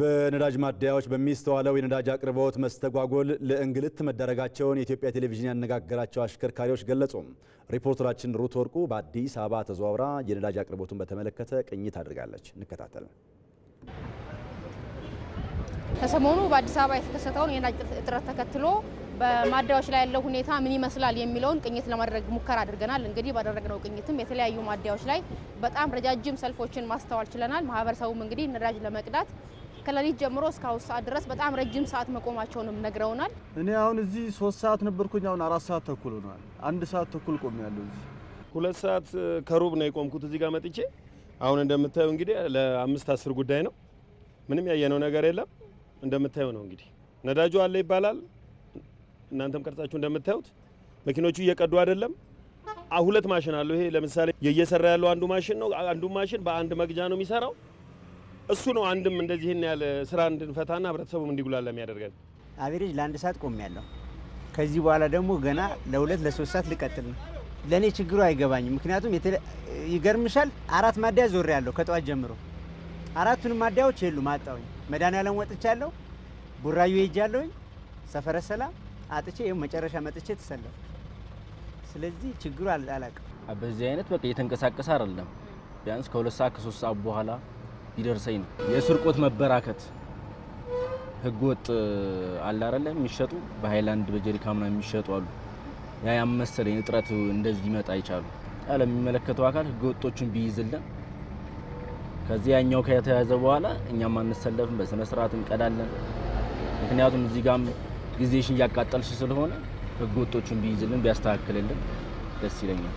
በነዳጅ ማደያዎች በሚስተዋለው የነዳጅ አቅርቦት መስተጓጎል ለእንግልት መዳረጋቸውን የኢትዮጵያ ቴሌቪዥን ያነጋገራቸው አሽከርካሪዎች ገለጹ። ሪፖርተራችን ሩት ወርቁ በአዲስ አበባ ተዘዋውራ የነዳጅ አቅርቦቱን በተመለከተ ቅኝት አድርጋለች። እንከታተል። ከሰሞኑ በአዲስ አበባ የተከሰተውን የነዳጅ እጥረት ተከትሎ በማደያዎች ላይ ያለው ሁኔታ ምን ይመስላል የሚለውን ቅኝት ለማድረግ ሙከራ አድርገናል። እንግዲህ ባደረግነው ቅኝትም የተለያዩ ማደያዎች ላይ በጣም ረጃጅም ሰልፎችን ማስተዋል ችለናል። ማህበረሰቡም እንግዲህ ነዳጅ ለመቅዳት ከሌሊት ጀምሮ እስከ አሁን ሰዓት ድረስ በጣም ረጅም ሰዓት መቆማቸውንም ነግረውናል። እኔ አሁን እዚህ ሶስት ሰዓት ነበርኩኝ፣ አሁን አራት ሰዓት ተኩል ሆኗል። አንድ ሰዓት ተኩል ያለው እዚህ። ሁለት ሰዓት ከሩብ ነው የቆምኩት እዚህ ጋር መጥቼ። አሁን እንደምታየው እንግዲህ ለአምስት አስር ጉዳይ ነው። ምንም ያየነው ነገር የለም። እንደምታየው ነው እንግዲህ ነዳጁ አለ ይባላል። እናንተም ቀርጻችሁ እንደምታዩት መኪኖቹ እየቀዱ አይደለም። ሁለት ማሽን አለው። ይሄ ለምሳሌ እየሰራ ያለው አንዱ ማሽን ነው። አንዱ ማሽን በአንድ መግጃ ነው የሚሰራው። እሱ ነው አንድም እንደዚህን ያለ ስራ እንድንፈታና ህብረተሰቡም እንዲጉላላ የሚያደርገን። አቬሬጅ ለአንድ ሰዓት ቆሜያለሁ። ከዚህ በኋላ ደግሞ ገና ለሁለት ለሶስት ሰዓት ልቀጥል ነው። ለእኔ ችግሩ አይገባኝም። ምክንያቱም ይገርምሻል፣ አራት ማደያ ዞሬ ያለሁ ከጠዋት ጀምሮ አራቱንም ማደያዎች የሉም፣ አጣሁኝ። መድኃኒዓለም ወጥቻለሁ፣ ቡራዩ ሄጃለሁኝ፣ ሰፈረ ሰላም አጥቼ ይኸው መጨረሻ መጥቼ ተሰለፍኩ። ስለዚህ ችግሩ አላውቅም። በዚህ አይነት በቃ እየተንቀሳቀሰ አይደለም። ቢያንስ ከሁለት ሰዓት ከሶስት ሰዓት በኋላ ሊደርሰኝ ነው። የስርቆት መበራከት ህገወጥ አለ አይደለ? የሚሸጡ በሃይላንድ በጀሪካ ምናምን የሚሸጡ አሉ። ያ ያመሰለ እጥረት እንደዚህ ሊመጣ አይቻሉ ያለ የሚመለከተው አካል ህገወጦቹን ቢይዝልን ከዚህ ያኛው ከተያዘ በኋላ እኛም አንሰለፍም፣ በስነ ስርዓት እንቀዳለን። ምክንያቱም እዚህ ጋም ጊዜሽን እያቃጠልሽ ስለሆነ ህገወጦቹን ቢይዝልን ቢያስተካክልልን ደስ ይለኛል።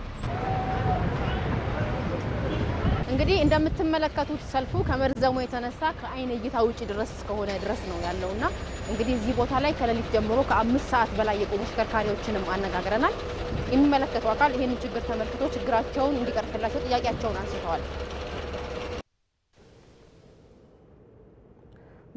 እንግዲህ እንደምትመለከቱት ሰልፉ ከመርዘሙ የተነሳ ከአይን እይታ ውጪ ድረስ እስከሆነ ድረስ ነው እና እንግዲህ እዚህ ቦታ ላይ ከሌሊት ጀምሮ ከአምስት ሰዓት በላይ የቆሙ ተሽከርካሪዎችንም አነጋግረናል። የሚመለከተው አካል ይህንን ችግር ተመልክቶ ችግራቸውን እንዲቀርፍላቸው ጥያቄያቸውን አንስተዋል።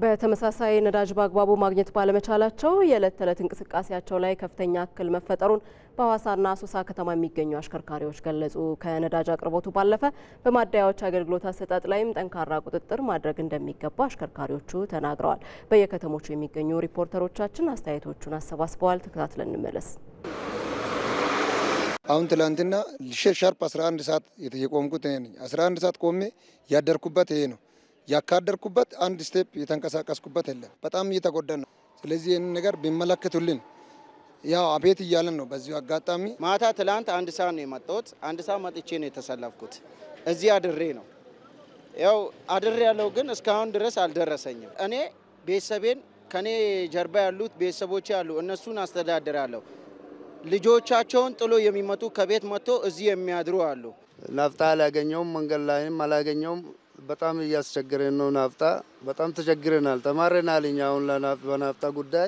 በተመሳሳይ ነዳጅ በአግባቡ ማግኘት ባለመቻላቸው የዕለት ተዕለት እንቅስቃሴያቸው ላይ ከፍተኛ እክል መፈጠሩን በሐዋሳና አሶሳ ከተማ የሚገኙ አሽከርካሪዎች ገለጹ። ከነዳጅ አቅርቦቱ ባለፈ በማደያዎች አገልግሎት አሰጣጥ ላይም ጠንካራ ቁጥጥር ማድረግ እንደሚገባ አሽከርካሪዎቹ ተናግረዋል። በየከተሞቹ የሚገኙ ሪፖርተሮቻችን አስተያየቶቹን አሰባስበዋል። ተከታትለን እንመለስ። አሁን ትላንትና ሻርፕ 11 ሰዓት የቆምኩት እኔ ነኝ። 11 ሰዓት ቆሜ ያደርኩበት ይሄ ነው ያካደርኩበት አንድ ስቴፕ የተንቀሳቀስኩበት የለም። በጣም እየተጎዳ ነው። ስለዚህ ይህን ነገር ቢመለከቱልን ያው አቤት እያለን ነው። በዚሁ አጋጣሚ ማታ ትላንት አንድ ሰዓት ነው የመጣሁት። አንድ ሰዓት መጥቼ ነው የተሰለፍኩት። እዚህ አድሬ ነው ያው አድሬ ያለው ግን እስካሁን ድረስ አልደረሰኝም። እኔ ቤተሰቤን ከኔ ጀርባ ያሉት ቤተሰቦች ያሉ እነሱን አስተዳድራለሁ። ልጆቻቸውን ጥሎ የሚመጡ ከቤት መጥቶ እዚህ የሚያድሩ አሉ። ናፍጣ አላገኘውም፣ መንገድ ላይም አላገኘውም። በጣም እያስቸገረን ነው። ናፍጣ በጣም ተቸግረናል። ተማረናል። እኛ አሁን በናፍጣ ጉዳይ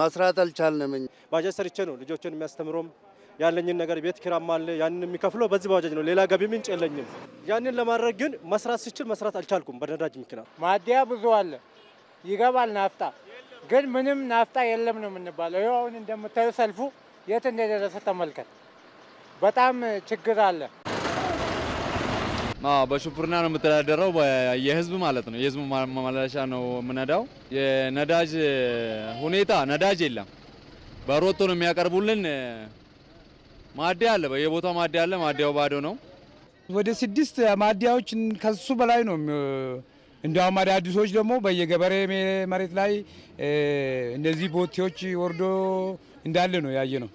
ማስራት አልቻልንም። ባጃጅ ሰርቼ ነው ልጆችን የሚያስተምሮም ያለኝን ነገር ቤት ኪራም አለ ያንን የሚከፍለው በዚህ ባጃጅ ነው። ሌላ ገቢ ምንጭ የለኝም። ያንን ለማድረግ ግን መስራት ስችል መስራት አልቻልኩም። በነዳጅ ምክንያት ማዲያ ብዙ አለ ይገባል ናፍጣ ግን ምንም ናፍጣ የለም ነው የምንባለው። ይኸው አሁን እንደምታዩ ሰልፉ የት እንደደረሰ ተመልከት። በጣም ችግር አለ። በሹፍርና ነው የምተዳደረው። የህዝብ ማለት ነው። የህዝብ ማመላለሻ ነው የምነዳው። የነዳጅ ሁኔታ ነዳጅ የለም። በሮቶ ነው የሚያቀርቡልን። ማዲያ አለ፣ በየቦታው ማደያ አለ። ማዲያው ባዶ ነው። ወደ ስድስት ማዲያዎች ከሱ በላይ ነው። እንዲያውም አዳዲሶች ደግሞ በየገበሬ መሬት ላይ እንደዚህ ቦቴዎች ወርዶ እንዳለ ነው ያየ ነው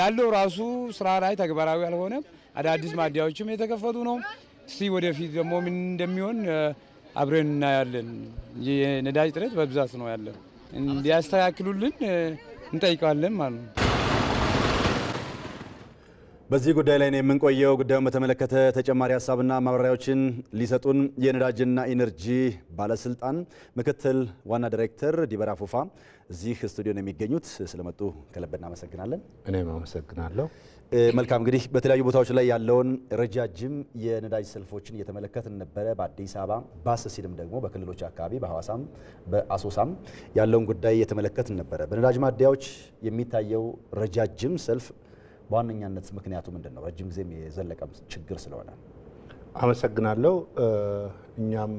ያለው። ራሱ ስራ ላይ ተግባራዊ አልሆነም። አዳዲስ ማዲያዎችም የተከፈቱ ነው። እስቲ ወደፊት ደግሞ ምን እንደሚሆን አብረን እናያለን። የነዳጅ ጥረት በብዛት ነው ያለን፣ እንዲያስተካክሉልን እንጠይቃለን ማለት ነው። በዚህ ጉዳይ ላይ ነው የምንቆየው። ጉዳዩን በተመለከተ ተጨማሪ ሀሳብና ማብራሪያዎችን ሊሰጡን የነዳጅና ኢነርጂ ባለስልጣን ምክትል ዋና ዳይሬክተር ዲበራ ፉፋ እዚህ ስቱዲዮ ነው የሚገኙት። ስለመጡ ከልብ እናመሰግናለን። እኔም አመሰግናለሁ። መልካም እንግዲህ በተለያዩ ቦታዎች ላይ ያለውን ረጃጅም የነዳጅ ሰልፎችን እየተመለከትን ነበረ። በአዲስ አበባ ባስ ሲልም ደግሞ በክልሎች አካባቢ በሐዋሳም በአሶሳም ያለውን ጉዳይ እየተመለከትን ነበረ። በነዳጅ ማደያዎች የሚታየው ረጃጅም ሰልፍ በዋነኛነት ምክንያቱ ምንድን ነው? ረጅም ጊዜም የዘለቀ ችግር ስለሆነ። አመሰግናለሁ። እኛም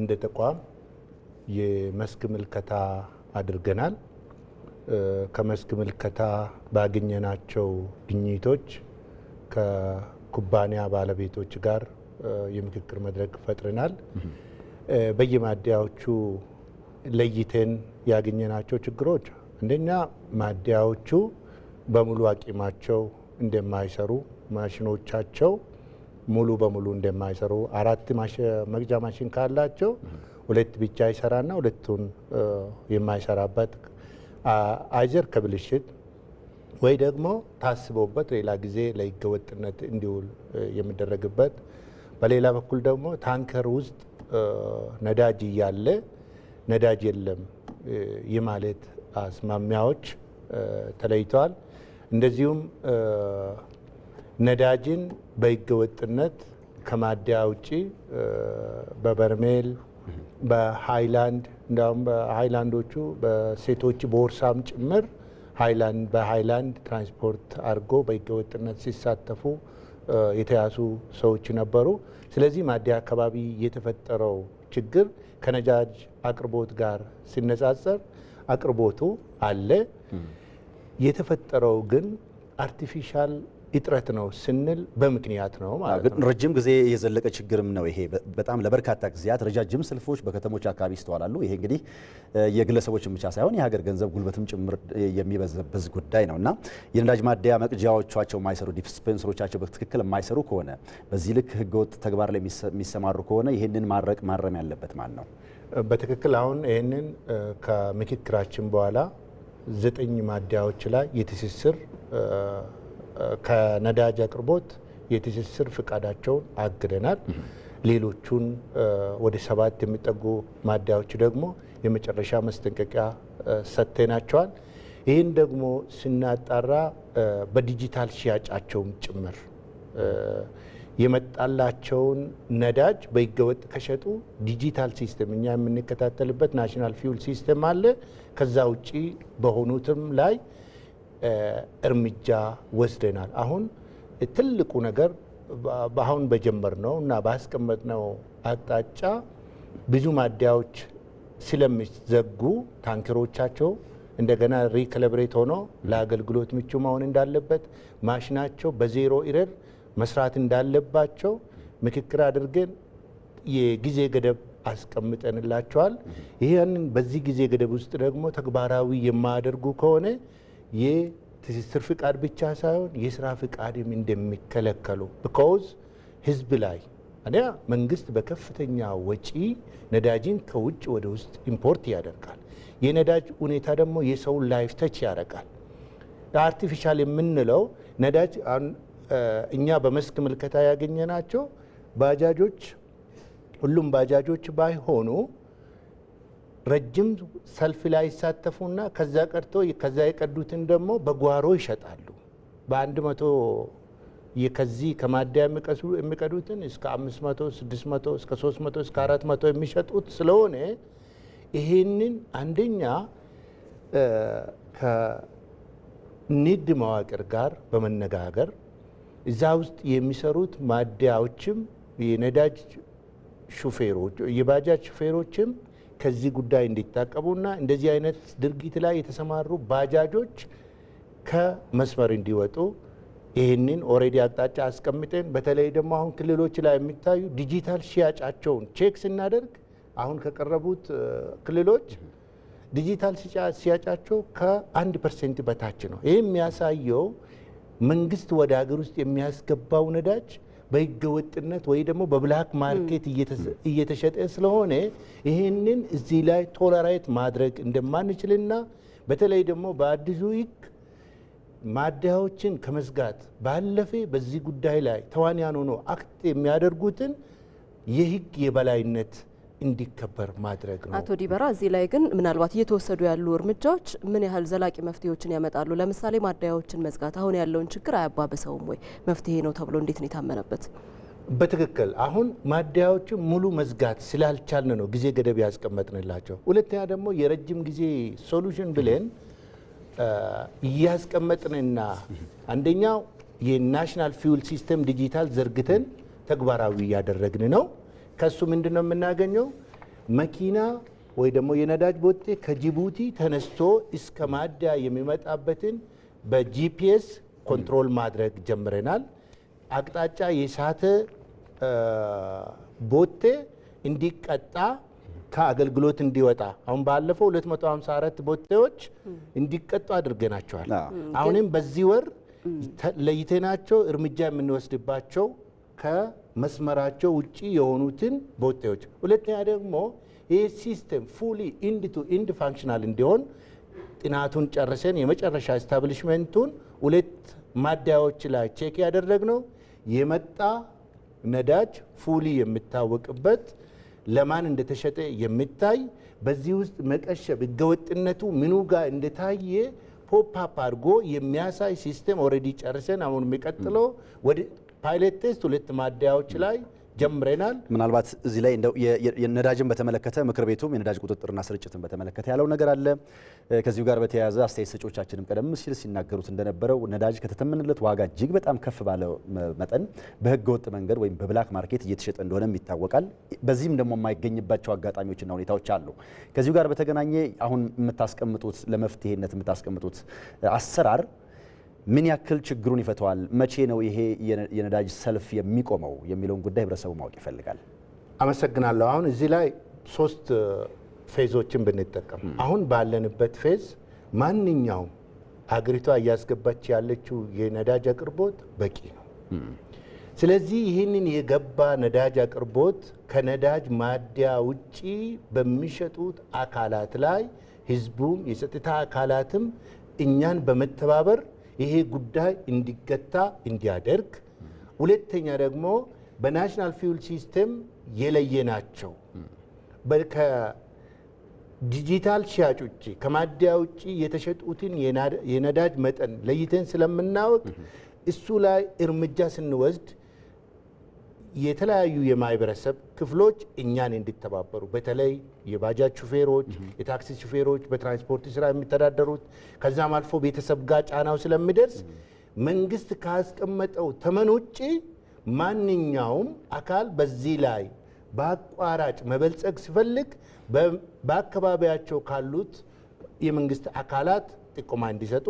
እንደ ተቋም የመስክ ምልከታ አድርገናል። ከመስክ ምልከታ ባገኘናቸው ግኝቶች ከኩባንያ ባለቤቶች ጋር የምክክር መድረክ ፈጥረናል። በየማደያዎቹ ለይተን ያገኘናቸው ችግሮች አንደኛ ማደያዎቹ በሙሉ አቂማቸው እንደማይሰሩ ማሽኖቻቸው ሙሉ በሙሉ እንደማይሰሩ አራት መግጃ ማሽን ካላቸው ሁለት ብቻ ይሰራና ሁለቱን የማይሰራበት አይዘር ከብልሽት ወይ ደግሞ ታስቦበት ሌላ ጊዜ ለህገወጥነት እንዲውል የሚደረግበት፣ በሌላ በኩል ደግሞ ታንከር ውስጥ ነዳጅ እያለ ነዳጅ የለም ይህ ማለት አስማሚያዎች ተለይተዋል። እንደዚሁም ነዳጅን በህገወጥነት ከማደያ ውጭ በበርሜል በሃይላንድ እንዲሁም በሃይላንዶቹ በሴቶች ቦርሳም ጭምር ሃይላንድ በሃይላንድ ትራንስፖርት አድርጎ በህገወጥነት ሲሳተፉ የተያዙ ሰዎች ነበሩ። ስለዚህ ማደያ አካባቢ የተፈጠረው ችግር ከነጃጅ አቅርቦት ጋር ሲነጻጸር አቅርቦቱ አለ። የተፈጠረው ግን አርቲፊሻል እጥረት ነው ስንል በምክንያት ነው ማለት ነው። ረጅም ጊዜ የዘለቀ ችግርም ነው ይሄ። በጣም ለበርካታ ጊዜያት ረጃጅም ሰልፎች በከተሞች አካባቢ ይስተዋላሉ። ይሄ እንግዲህ የግለሰቦችን ብቻ ሳይሆን የሀገር ገንዘብ ጉልበትም ጭምር የሚበዘበዝ ጉዳይ ነው እና የነዳጅ ማደያ መቅጃዎቻቸው ማይሰሩ ዲስፔንሰሮቻቸው በትክክል የማይሰሩ ከሆነ በዚህ ልክ ህገወጥ ተግባር ላይ የሚሰማሩ ከሆነ ይህንን ማድረቅ ማረም ያለበት ማን ነው? በትክክል አሁን ይህንን ከምክክራችን በኋላ ዘጠኝ ማደያዎች ላይ የትስስር ከነዳጅ አቅርቦት የትስስር ፍቃዳቸውን አግደናል። ሌሎቹን ወደ ሰባት የሚጠጉ ማደያዎች ደግሞ የመጨረሻ ማስጠንቀቂያ ሰጥተናቸዋል። ይህን ደግሞ ስናጣራ በዲጂታል ሽያጫቸውም ጭምር የመጣላቸውን ነዳጅ በህገወጥ ከሸጡ ዲጂታል ሲስተም እኛ የምንከታተልበት ናሽናል ፊውል ሲስተም አለ። ከዛ ውጪ በሆኑትም ላይ እርምጃ ወስደናል። አሁን ትልቁ ነገር በአሁን በጀመር ነው እና ባስቀመጥነው አቅጣጫ ብዙ ማደያዎች ስለሚዘጉ ታንክሮቻቸው እንደገና ሪከለብሬት ሆኖ ለአገልግሎት ምቹ መሆን እንዳለበት ማሽናቸው በዜሮ ኢረር መስራት እንዳለባቸው ምክክር አድርገን የጊዜ ገደብ አስቀምጠንላቸዋል። ይህን በዚህ ጊዜ ገደብ ውስጥ ደግሞ ተግባራዊ የማያደርጉ ከሆነ የትስስር ፍቃድ ብቻ ሳይሆን የስራ ፍቃድም እንደሚከለከሉ ብኮዝ ህዝብ ላይ አንደኛ መንግስት በከፍተኛ ወጪ ነዳጅን ከውጭ ወደ ውስጥ ኢምፖርት ያደርጋል። የነዳጅ ሁኔታ ደግሞ የሰውን ላይፍ ተች ያደርጋል። አርቲፊሻል የምንለው ነዳጅ እኛ በመስክ ምልከታ ናቸው ባጃጆች ሁሉም ባጃጆች ባይሆኑ ረጅም ሰልፍ ላይ ይሳተፉና ከዛ ቀርቶ ከዛ የቀዱትን ደግሞ በጓሮ ይሸጣሉ። በአንድ መቶ ከዚህ ከማደያ የሚቀዱትን እስከ አምስት መቶ ስድስት መቶ እስከ ሶስት መቶ እስከ አራት መቶ የሚሸጡት ስለሆነ ይህንን አንደኛ ከኒድ መዋቅር ጋር በመነጋገር እዛ ውስጥ የሚሰሩት ማደያዎችም የነዳጅ ሹፌሮች የባጃጅ ሹፌሮችም ከዚህ ጉዳይ እንዲታቀቡና እንደዚህ አይነት ድርጊት ላይ የተሰማሩ ባጃጆች ከመስመር እንዲወጡ ይህንን ኦሬዲ አቅጣጫ አስቀምጠን በተለይ ደግሞ አሁን ክልሎች ላይ የሚታዩ ዲጂታል ሽያጫቸውን ቼክ ስናደርግ አሁን ከቀረቡት ክልሎች ዲጂታል ሽያጫቸው ከአንድ ፐርሰንት በታች ነው። ይህ የሚያሳየው መንግስት ወደ ሀገር ውስጥ የሚያስገባው ነዳጅ በህገወጥነት ወይ ደግሞ በብላክ ማርኬት እየተሸጠ ስለሆነ ይህንን እዚህ ላይ ቶለራይት ማድረግ እንደማንችልና በተለይ ደግሞ በአዲሱ ህግ ማደያዎችን ከመዝጋት ባለፈ በዚህ ጉዳይ ላይ ተዋንያን ሆኖ አክት የሚያደርጉትን የህግ የበላይነት እንዲከበር ማድረግ ነው። አቶ ዲበራ፣ እዚህ ላይ ግን ምናልባት እየተወሰዱ ያሉ እርምጃዎች ምን ያህል ዘላቂ መፍትሄዎችን ያመጣሉ? ለምሳሌ ማደያዎችን መዝጋት አሁን ያለውን ችግር አያባብሰውም ወይ? መፍትሄ ነው ተብሎ እንዴት ነው የታመነበት? በትክክል አሁን ማደያዎችን ሙሉ መዝጋት ስላልቻልን ነው ጊዜ ገደብ ያስቀመጥንላቸው። ሁለተኛ ደግሞ የረጅም ጊዜ ሶሉሽን ብለን እያስቀመጥንና አንደኛው የናሽናል ፊውል ሲስተም ዲጂታል ዘርግተን ተግባራዊ እያደረግን ነው። ከሱ ምንድን ነው የምናገኘው? መኪና ወይ ደግሞ የነዳጅ ቦቴ ከጅቡቲ ተነስቶ እስከ ማዳ የሚመጣበትን በጂፒኤስ ኮንትሮል ማድረግ ጀምረናል። አቅጣጫ የሳተ ቦቴ እንዲቀጣ ከአገልግሎት እንዲወጣ አሁን ባለፈው 254 ቦቴዎች እንዲቀጡ አድርገናቸዋል። አሁንም በዚህ ወር ለይተናቸው እርምጃ የምንወስድባቸው ከ መስመራቸው ውጭ የሆኑትን ቦቴዎች፣ ሁለተኛ ደግሞ ይህ ሲስተም ፉሊ ኢንድ ቱ ኢንድ ፋንክሽናል እንዲሆን ጥናቱን ጨርሰን የመጨረሻ ኤስታብሊሽመንቱን ሁለት ማደያዎች ላይ ቼክ ያደረግነው የመጣ ነዳጅ ፉሊ የሚታወቅበት ለማን እንደተሸጠ የሚታይ በዚህ ውስጥ መቀሸብ ህገወጥነቱ ምኑ ጋር እንደታየ ፖፕ አፕ አድርጎ የሚያሳይ ሲስተም ኦልሬዲ ጨርሰን አሁን የሚቀጥለው ፓይለት ቴስት ሁለት ማደያዎች ላይ ጀምረናል። ምናልባት እዚህ ላይ እንደው የነዳጅን በተመለከተ ምክር ቤቱም የነዳጅ ቁጥጥርና ስርጭትን በተመለከተ ያለው ነገር አለ። ከዚሁ ጋር በተያያዘ አስተያየት ሰጪዎቻችንም ቀደም ሲል ሲናገሩት እንደነበረው ነዳጅ ከተተመነለት ዋጋ እጅግ በጣም ከፍ ባለ መጠን በህገወጥ ወጥ መንገድ ወይም በብላክ ማርኬት እየተሸጠ እንደሆነም ይታወቃል። በዚህም ደግሞ የማይገኝባቸው አጋጣሚዎችና ሁኔታዎች አሉ። ከዚሁ ጋር በተገናኘ አሁን የምታስቀምጡት ለመፍትሄነት የምታስቀምጡት አሰራር ምን ያክል ችግሩን ይፈተዋል? መቼ ነው ይሄ የነዳጅ ሰልፍ የሚቆመው የሚለውን ጉዳይ ህብረተሰቡ ማወቅ ይፈልጋል። አመሰግናለሁ። አሁን እዚህ ላይ ሶስት ፌዞችን ብንጠቀም አሁን ባለንበት ፌዝ ማንኛውም ሀገሪቷ እያስገባች ያለችው የነዳጅ አቅርቦት በቂ ነው። ስለዚህ ይህንን የገባ ነዳጅ አቅርቦት ከነዳጅ ማደያ ውጪ በሚሸጡት አካላት ላይ ህዝቡም የጸጥታ አካላትም እኛን በመተባበር ይሄ ጉዳይ እንዲገታ እንዲያደርግ፣ ሁለተኛ ደግሞ በናሽናል ፊውል ሲስተም የለየ ናቸው። ከዲጂታል ሽያጭ ውጭ ከማደያ ውጭ የተሸጡትን የነዳጅ መጠን ለይተን ስለምናወቅ እሱ ላይ እርምጃ ስንወስድ የተለያዩ የማህበረሰብ ክፍሎች እኛን እንዲተባበሩ በተለይ የባጃጅ ሹፌሮች፣ የታክሲ ሹፌሮች፣ በትራንስፖርት ስራ የሚተዳደሩት ከዛም አልፎ ቤተሰብ ጋር ጫናው ስለሚደርስ መንግስት ካስቀመጠው ተመን ውጭ ማንኛውም አካል በዚህ ላይ በአቋራጭ መበልጸግ ሲፈልግ በአካባቢያቸው ካሉት የመንግስት አካላት ጥቆማ እንዲሰጡ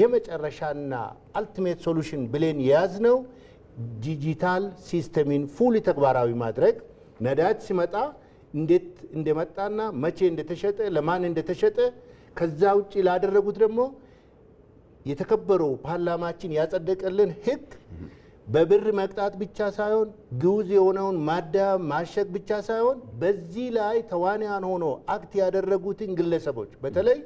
የመጨረሻና አልቲሜት ሶሉሽን ብሌን የያዝ ነው። ዲጂታል ሲስተሚን ፉሊ ተግባራዊ ማድረግ ነዳጅ ሲመጣ እንዴት እንደመጣና መቼ እንደተሸጠ ለማን እንደተሸጠ ከዛ ውጭ ላደረጉት ደግሞ የተከበረው ፓርላማችን ያጸደቀልን ህግ በብር መቅጣት ብቻ ሳይሆን ግውዝ የሆነውን ማዳ ማሸግ ብቻ ሳይሆን በዚህ ላይ ተዋንያን ሆኖ አክት ያደረጉትን ግለሰቦች በተለይ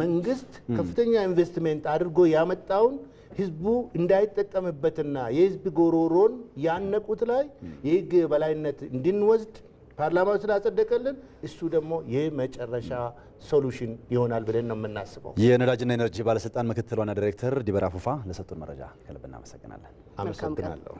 መንግስት ከፍተኛ ኢንቨስትመንት አድርጎ ያመጣውን ህዝቡ እንዳይጠቀምበትና የህዝብ ጎሮሮን ያነቁት ላይ የህግ በላይነት እንድንወስድ ፓርላማው ስላጸደቀልን እሱ ደግሞ የመጨረሻ ሶሉሽን ይሆናል ብለን ነው የምናስበው። የነዳጅና ኤነርጂ ባለስልጣን ምክትል ዋና ዲሬክተር ዲበራ ፉፋ ለሰጡን መረጃ ከልብ እናመሰግናለን። አመሰግናለሁ።